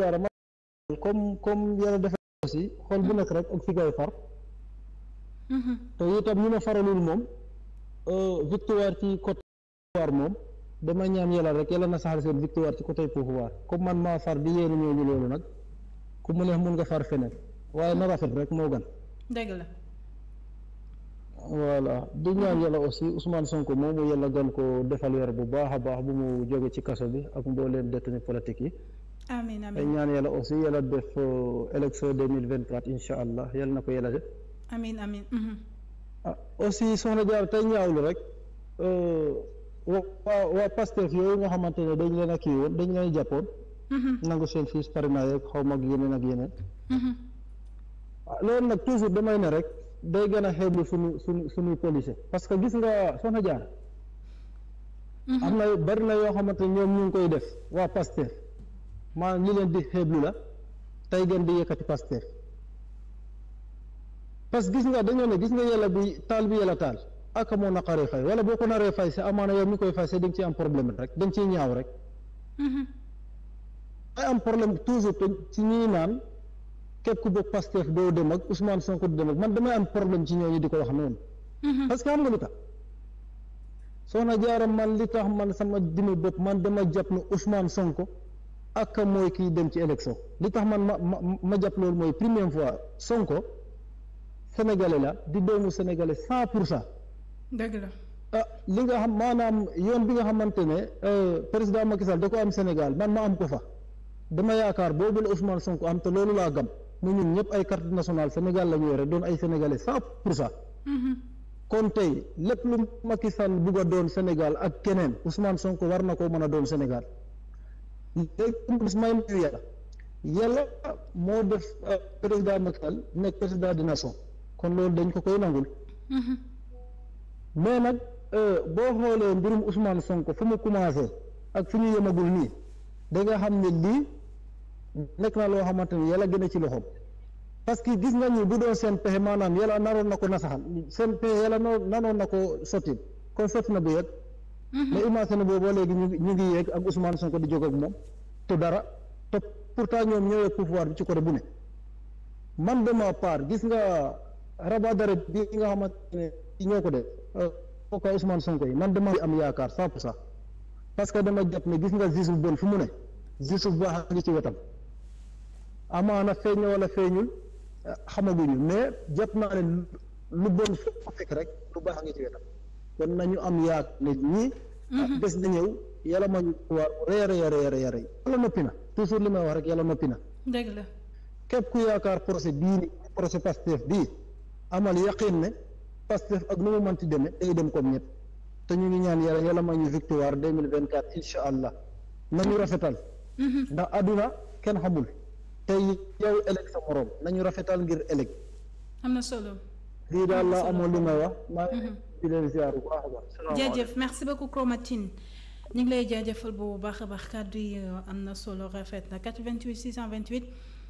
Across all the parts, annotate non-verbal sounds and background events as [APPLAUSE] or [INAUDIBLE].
jaara ma comme comme yàlla defee aussi xool bu nekk rek ak fi ngay far mm-hmm. te itam ñu ma faralul moom euh, victoire ci côté pouvoir moom dama ñaan yàlla rek yàlla na saxal seen victoire ci côté pouvoir comme man maa far di yéen ñooñu loolu nag ku mu neex mun nga far feneen waaye na rafet rek moo gën dëgg la voilà di ñaan yàlla aussi Ousmane Sonko moomu yàlla gën ko defal weer bu baax a baax bu mu jóge ci kaso bi ak mbooleem détenu politique yi amiin amiin ay ñaan yàlla aussi yàlla def élection deux mille vingt quatre incha allah yàlla na ko yàlla def. amiin amiin. ah aussi soxna Diarra tey ñaawlu rek euh, waa waa Pastef yooyu nga xamante ne dañ leen a kii dañ leen jàppoon. Mm-hmm. nangu seen fiis parrainage yeeg xaw ma mm-hmm. ah, ne rek day gën a xeeblu suñu suñu suñuy policier parce que gis nga soxna Diarra. Mm-hmm. am na bari yoo xamante ñoom ñu koy def waa Pastef. maa li leen di xeeblu la tey gën di yëkkati Pastef parce que gis nga dañoo ne gis nga yàlla bi taal bi yàlla taal ak moo naqaree fay wala boo ko naree fay sa amaana yow mi koy fay sa dañ ciy am problème rek dañ ciy ñaaw rek mm-hmm. ay am problème toujours to ci ñuy naan képp ku bokk Pastef doo dem ak Ousmane Sonko du dem ak man damay am problème ci ñi di ko wax noonu mm-hmm. parce que xam nga lu tax soxna jaaram man li tax man sama dimi bopp man dama jàpp ne Ousmane Sonko ak mooy kiy dem ci élection li tax man ma ma ma jàpp loolu mooy première fois Sonko sénégalais la di doomu sénégalais cent pour cent. dëgg ah, li nga xam maanaam yoon bi nga xamante ne euh, président Macky Sall da ko am Sénégal man ma am ko fa dama yaakaar boobu la Ousmane Sonko am te loolu laa gam mu ñun ñëpp ay carte nationale Sénégal la ñu doon ay sénégalais cent pour cent. Mm-hmm. kon tey lépp lu Macky Sall doon Sénégal ak keneen Ousmane Sonko war na ko mën a doon Sénégal. léegi complice may mbiru yàlla moo def euh, président Macky Sall nekk président de nation kon loolu dañ ko koy nangul mhm. mais nag euh, boo xoolee mbirum Ousmane sonk fu mu commencé ak fu ñu yemagul nii da nga xam ne lii nekk na loo xamante ni yàlla gën a ci loxoom parce que gis nga ñi bu doon seen pexe maanaam yàlla naroon na ko nasaxal seen pexe yàlla naroon na ko sotti kon sotti na bu yegg Mm-hmm. mais imagine booboo léegi ñu ngi ñu ngi yeeg ak Ousmane Sonko di jóg ak moom te dara te pourtant ñoom ñëwee pouvoir bi ci côté bu ne man de ma gis nga rabat d'arrêt bi nga xamante ne ñoo ko def euh, kooku Ousmane Sonko yi man de am yaakaar cent pour cent parce que dama jàpp ne gis nga justice bu bon fu mu ne justice bu baax ngi ci wetam amaana feeñ na wala feeñul xamaguñu mais jàpp naa ne lu bon fu ko fekk rek lu baax ngi ci wetam. kon nañu am yaak nit ñi mhm. bés na ñëw yàlla ma ñu pouvoir bu rëy a rëy yala rëy a rëy a rëy noppi na toujours li may wax rek yàlla noppi na dëgg la képp ku yaakaar procès bii ni procès Pastef bii amal yaqin ne Pastef ak nu mu mënti demee day dem comme ñëpp te ñu ngi ñaan yàlla yàlla ma ñu victoire deux mille vingt quatre incha allah nañu rafetal mhm. ndax àdduna kenn xamul tey yow éleg sa morom nañu rafetal ngir éleg na solo lii daal laa amoon li may wax mhm. di leen ziar bu a baax. jaajëf merci beaucoup Chromatine ñu ngi lay jaajëfal bu baax a baax kàddu yi euh, am na solo rafet na 88 628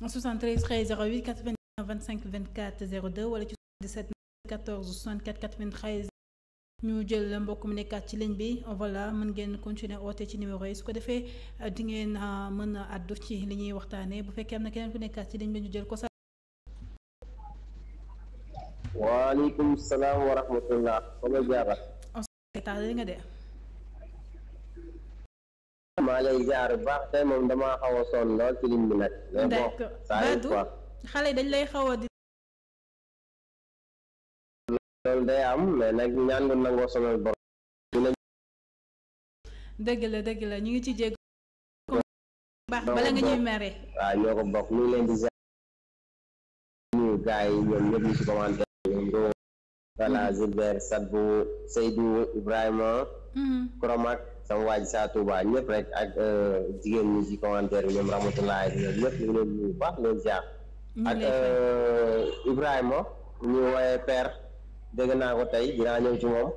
73 13 08 88 25 24 02 wala ci 77 14 64 93. ñu jël mbokk mu nekkaat ci ligne bi voilà mën ngeen continuer oote ci numéro yi su ko defee di ngeen euh, mën a àddu ci li ñuy waxtaanee bu fekkee am na keneen ku nekkaat ci ligne bi ñu jël ko. waaleykum salaam wa rahmatullah sama jaara oh, tardé nga de maa lay jaar baax tey moom damaa xaw a sonn lool ci ligne nag mais xale dañ lay xaw a di loolu day am mais nag ñaan nga nangoo sonal dëgg la dëgg la ñu ngi ci jégg voilà mhm. Gilbert Sadbou Seydou Ibrahima mhm. Kromak sama waa ji saa Touba rek ak euh, jigéen ñi ci commentaire bi ñoom rahmatulah ñoom ñëpp ñu ngi leen bu baax leen ziar ak euh, Ibrahima ñu woowee père dégg naa ko tey dinaa ñëw ci moom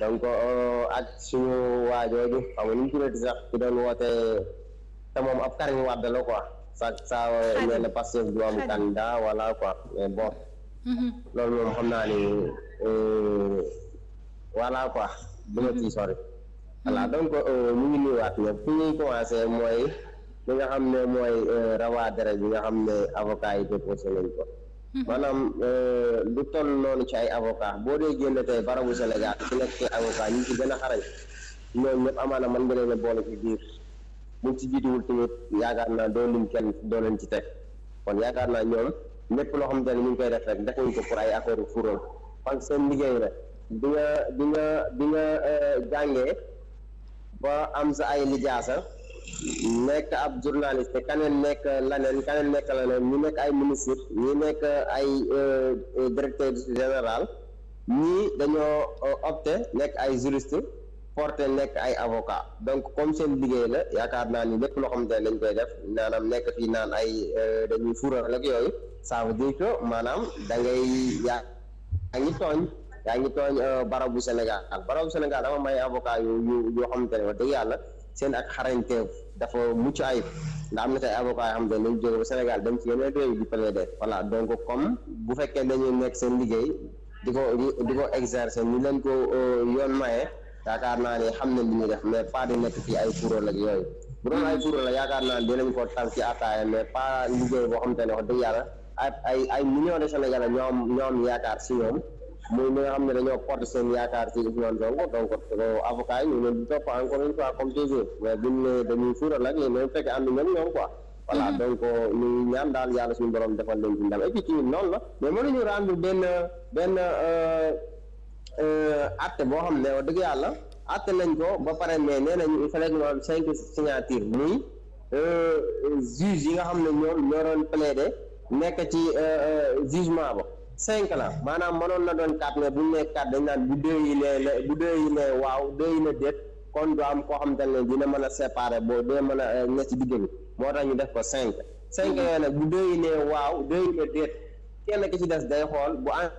donc euh, ak suñu waajooju xam nga nu mu tuddati sax ku doon woote te moom ab Karim Wade la ko sa saa nee na Pastef du am candidat voilà quoi mais bon Mm-hmm. loolu moom xam naa ni euh, voilà quoi du ma ciy mm-hmm. sori mm-hmm. voilà donc euh, ñu ngi nuyuwaat ñëpp mooy li nga xam ne mooy euh, rawaa deret bi nga xam ne avocat yi déposé nañ ko maanaam lu toll noonu ci ay avocat boo dee génn tey barabu Sénégal ci nekk ci avocat ñu ci gën a xarañ ñoom ñëpp amaana mën nga leen boole ci biir buñ ci jiituwul tamit yaakaar naa doo lim kenn doo leen ci teg kon yaakaar naa ñoom lépp loo xamante ne ñu ngi koy def rek defuñ ko pour ay affaire fuural kon seen liggéey la bi nga bi nga bi nga euh, jàngee ba am sa ay lijaasa nekk ab journaliste kaneen nekk la kaneen nekk laneen ñu nekk ay ministre ñu nekk ay euh, directeur général ñii dañoo euh, opté nekk ay juriste porté nekk ay avocat donc comme seen liggéey la yaakaar naa ni lépp loo xamante ne dañ koy def naanam nekk fii naan ay dañuy fuural ak yooyu ça veut dire que maanaam da ngay yaa yaa ngi tooñ yaa ngi tooñ euh, barabu Sénégal ak barabu Sénégal dama may avocat yu yu yoo xamante ne wax dëgg yàlla seen ak xarañteef dafa mucc ayib ndax am na tey avocat yoo xamante ne dañu jóge ba Sénégal dem ci yeneen réew di plaider voilà donc comme bu fekkee dañuy nekk seen liggéey di ko di ko exercer ñu leen ko euh, yoon maye yaakaar naa ne xam nañ li ñuy def mais pas di nekk ci ay kuréel ak yooyu bu doon ay kuréel la yaakaar naa ne dinañ ko tànk ci mais pas liggéey boo xamante ne wax dëgg yàlla ay ay ay millions de Sénégalais ñoo am ñoo am yaakaar si ñoom muy ñi nga xam ne dañoo porté seen yaakaar si Ousmane Sonko donc euh, avocat yi ñu ngi leen di topp encore une fois comme toujours mais buñ ne dañuy fuural ak yéen ñoom fekk ànd ñoom ñoom quoi. voilà mhm. euh, ñu euh, boo xam ne wax dëgg yàlla acte nañ ko ba pare mais nee nañu il fallait que ñu am cinq yi nga xam ne ñoom ñoo doon plaider. nekk ci euh, euh, jugement ba cinq la maanaam mënoon na doon quatre mais bu ñu nee dañ naan bu deux yi nee bu deux waaw deux yi ne déet kon du am koo xam ne dina mën a séparer boo dina mën a ne euh, ci digg bi moo tax ñu def ko cinq cinq mhm. yooyu nag bu deux yi nee waaw deux yi ne déet kenn ki ci des day xool bu am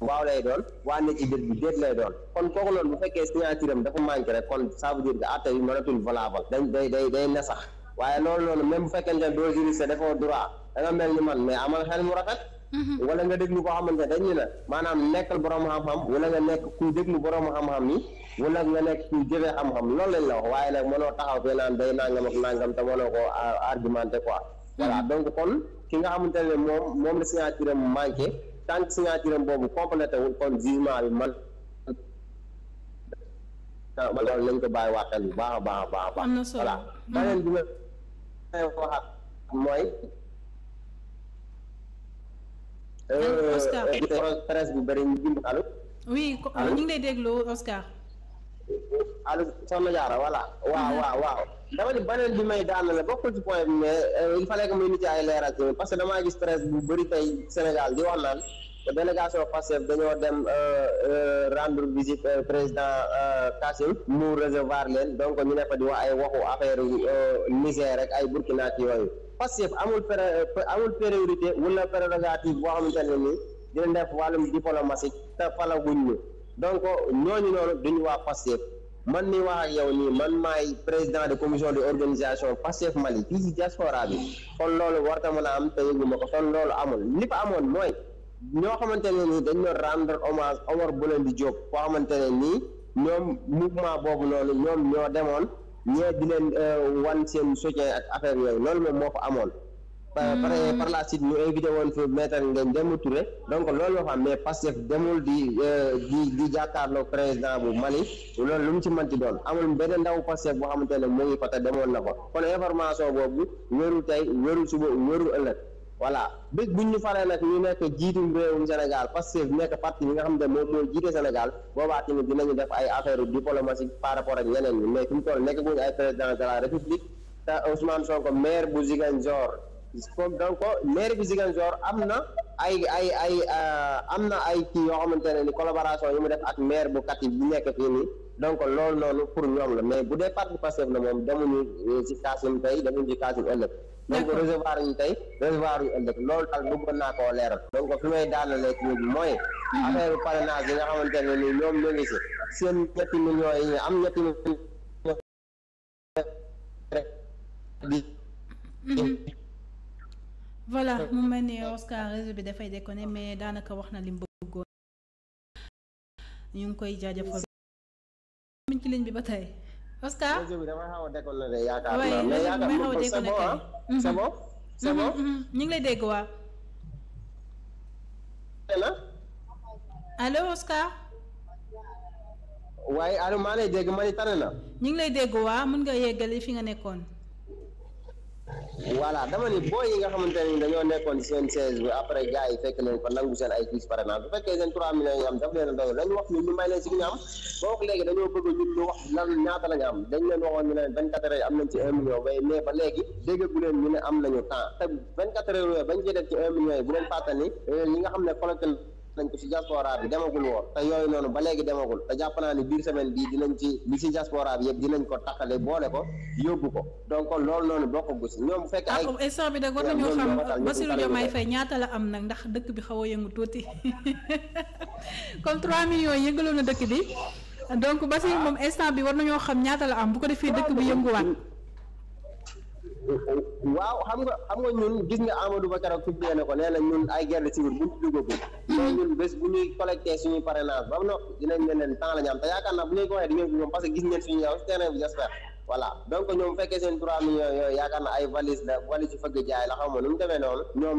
waaw lay doon waa ne ci déet bi déet lay doon kon kooku loolu bu fekkee signature am dafa manqué rek kon ça veut dire que atte yi mënatul valable dañ day day day nasax waaye loolu noonu même bu fekkente ne doo juriste defoo droit da mel ni man mais amal xel mu rafet. Mhm. wala nga déglu koo xamante ne dañ ne na maanaam nekkal borom xam-xam wala nga nekk kuy déglu borom xam-xam yi wala nga nekk kuy jëfee xam-xam loolu lañ la wax waaye nag mënoo taxaw fee naan day nangam ak te mënoo ko argumenté quoi. voilà mhm. donc kon ki nga xamante ne moom moom la signature am manqué tant que signature am boobu complété wul kon jugement bi man. ah loolu lañ ko bu baax a baax a baax. am na waxaat mooy euh, Oscar euh, presse bu bëri ñu bind allo oui ñu ngi lay déglu Oscar allo soxna Diarra voilà waaw mhm. waaw waaw dama ni beneen bi may daana la bokkul ci point bi mais euh, il fallait que muy nit ay leeral parce que damaa gis presse bu bëri tey Sénégal di wax naan délégation Pastef dañoo dem euh, euh, rendre visite euh, président Kassim mu recevoir leen donc ñu ne fa di wax ay waxu affaire Niger rek ay Burkina ci yooyu Pastef amul amul priorité wala prérogative boo xamante ne nii dina def wàllum diplomatique te falaguñ ñu donc ñooñu noonu ñu waaw Pastef man mi wax yow nii man maay président de commission de organisation Pastef Mali fii ci diaspora bi kon loolu warta mën a am te yëguma ko kon loolu amul li fa amoon mooy ñoo xamante ne nii dañ doon rendre bu leen di Diop koo xamante ne nii ñoom mouvement boobu noonu ñoom ñoo demoon ñee di leen euh, wan seen soutien ak affaire yooyu loolu moom moo fa amoon. Hmm. par par la suite ñu invité woon fi maître Ngagne Demba Touré donc loolu moo fa am mais Pastef demul di euh, di di jàkkaarloo président bu Mali loolu lu mu ci manti doon amul benn ndaw Pastef boo xamante ne mu ngi fa te demoon na ko kon information boobu wérul tey wérul suba wérul ëllëg. voilà bés buñ ñu faree nag ñu nekk jiitum réewum Sénégal parce que nekk parti bi nga xam ne moom mooy jiite Sénégal boobaa tamit dinañu def ay affaire diplomatique par rapport ak ñeneen ñi mais fi mu toll nekk guñu ay président de la république te Ousmane Sonko maire bu Ziguinchor comme donc maire bu Ziguinchor am na ay ay ay euh, am na ay kii yoo xamante ne ni collaboration yi mu def ak maire bu Kati bi nekk fii nii donc loolu noonu pour ñoom la mais bu dee parti Pastef na moom demuñu ci euh, Kasim tey demuñu ci Kasim ëllëg donc recevoir ñu ñu ci ñun mhm. yi nga xamante ne nii ñoom ñu ngi si seen yi am ñetti millions mhm. voilà mu mel ni daanaka wax na lim bëggoon ñu ngi koy jaajëfal ci ligne bi ba tey Oscar. réseau damay xaw a décoloré yaakaar naa yaakaar naa c'est bon ah c'est bon mm-hmm, mm-hmm. ñu ngi lay dégg waa. allo Oscar. waaye allo maa lay dégg ma ni tane na. ñu ngi lay dégg waa mën nga yeggali fi nga nekkoon. voilà dama ni booy yi nga xamante ne dañoo nekkoon seen seize bi après gars yi fekk leen fa nangu seen ay fiches par exemple bu fekkee seen trois millions yi am daf leen doy lañ wax ñu ñu may leen si ñu am boo léegi dañoo bëgg ñun ñu wax lan ñaata la am dañ leen waxoon ñu ne vingt quatre heures am nañ ci un million bay mais ba léegi dégg bu leen ñu ne am nañu temps vingt quatre heures bañ ci ci un million yi bu leen fàttali li euh, nga xam ne collecte nañ ko ci diaspora bi demagul woon te yooyu noonu ba léegi demagul te jàpp naa ni biir semaine bii dinañ ci li ci diaspora bi yëpp dinañ ko takkale boole ko yóbbu ko donc loolu noonu bokkagu ci ñoom fekk ay ah, instant bi nag war nañoo xam Bassirou Diomaye ay ñaata la am nag ndax dëkk bi xaw a yëngu tuuti comme [LAUGHS] 3 millions yëngaloon na dëkk bi donc Bassirou moom instant bi war nañoo xam ñaata la am bu ko defee dëkk bi yënguwaat waaw xam nga xam nga ñun gis nga Amadou Ba keroog publié na ko nee na ñun ay guerre civile buñ duggagul. mais ñun bés bu ñuy collecté suñuy ñu am naa ko waxee di ngeen ko ñoom si terrain la valise yu fëgg jaay mu demee dinañ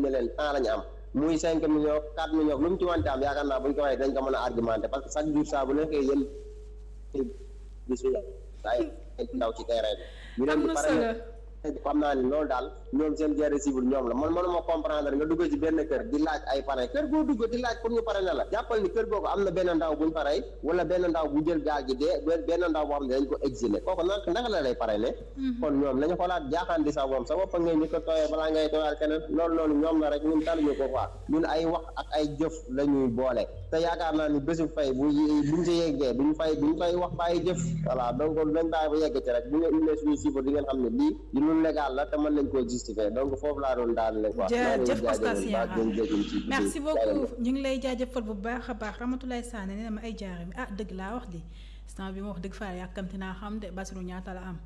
ne leen temps la ñu am muy cinq millions quatre millions lu mu ci wante am yaakaar naa buñ ko waxee dañ ko mën a argumenté parce que chaque jour saa bu nekkee yéen day daw ci terrain bi. am na solo xam naa ne loolu daal ñoom seen guerre civile mhm. kon ñoom nañu xoolaat jaaxaan di sa boom sa bopp ngay ñu ko tooyee balaa ngay tooyaat keneen loolu noonu ñoom la rek ñun taluñu ko quoi ñun ay wax ak ay jëf la boole te yaakaar naa ni bésu fay bu buñ si yeggee buñ fay buñ fay wax bàyyi jëf voilà donc nañ bàyyi ba yegg ci rek bu ñu indee suñu chiffre di xam ne lii lu légal la te mën nañ koo justifier donc foofu laa doon daal le quoi. jërëjëf Constantia merci beaucoup ñu ngi lay jaajëfal bu baax a baax Ramatoulaye Sané nee na ma ay jaarami ah dëgg laa wax di instant bi ma wax dëgg faa yàkkamti naa xam de Basiru ñaata la am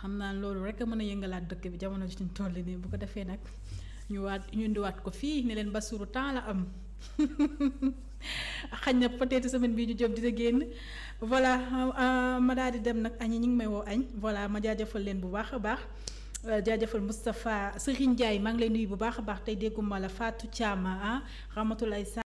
xam naa loolu rek a mën a yëngalaat dëkk bi jamono ji ñu toll nii bu ko defee nag ñu waat ñu indiwaat ko fii ne leen Basiru temps la am. [LAUGHS] xañ na peut-être semaine bii ñu jëm dina génn voilà euh, euh, ma daal di dem nag añ yi ñu ngi may woo añ voilà ma jaajëfal leen bu baax a baax. jaajëfal Moustapha Serigne Ndiaye maa ngi lay nuyu bu baax a baax tey dégguma la Fatou Thiam ay ah, Ramatoulaye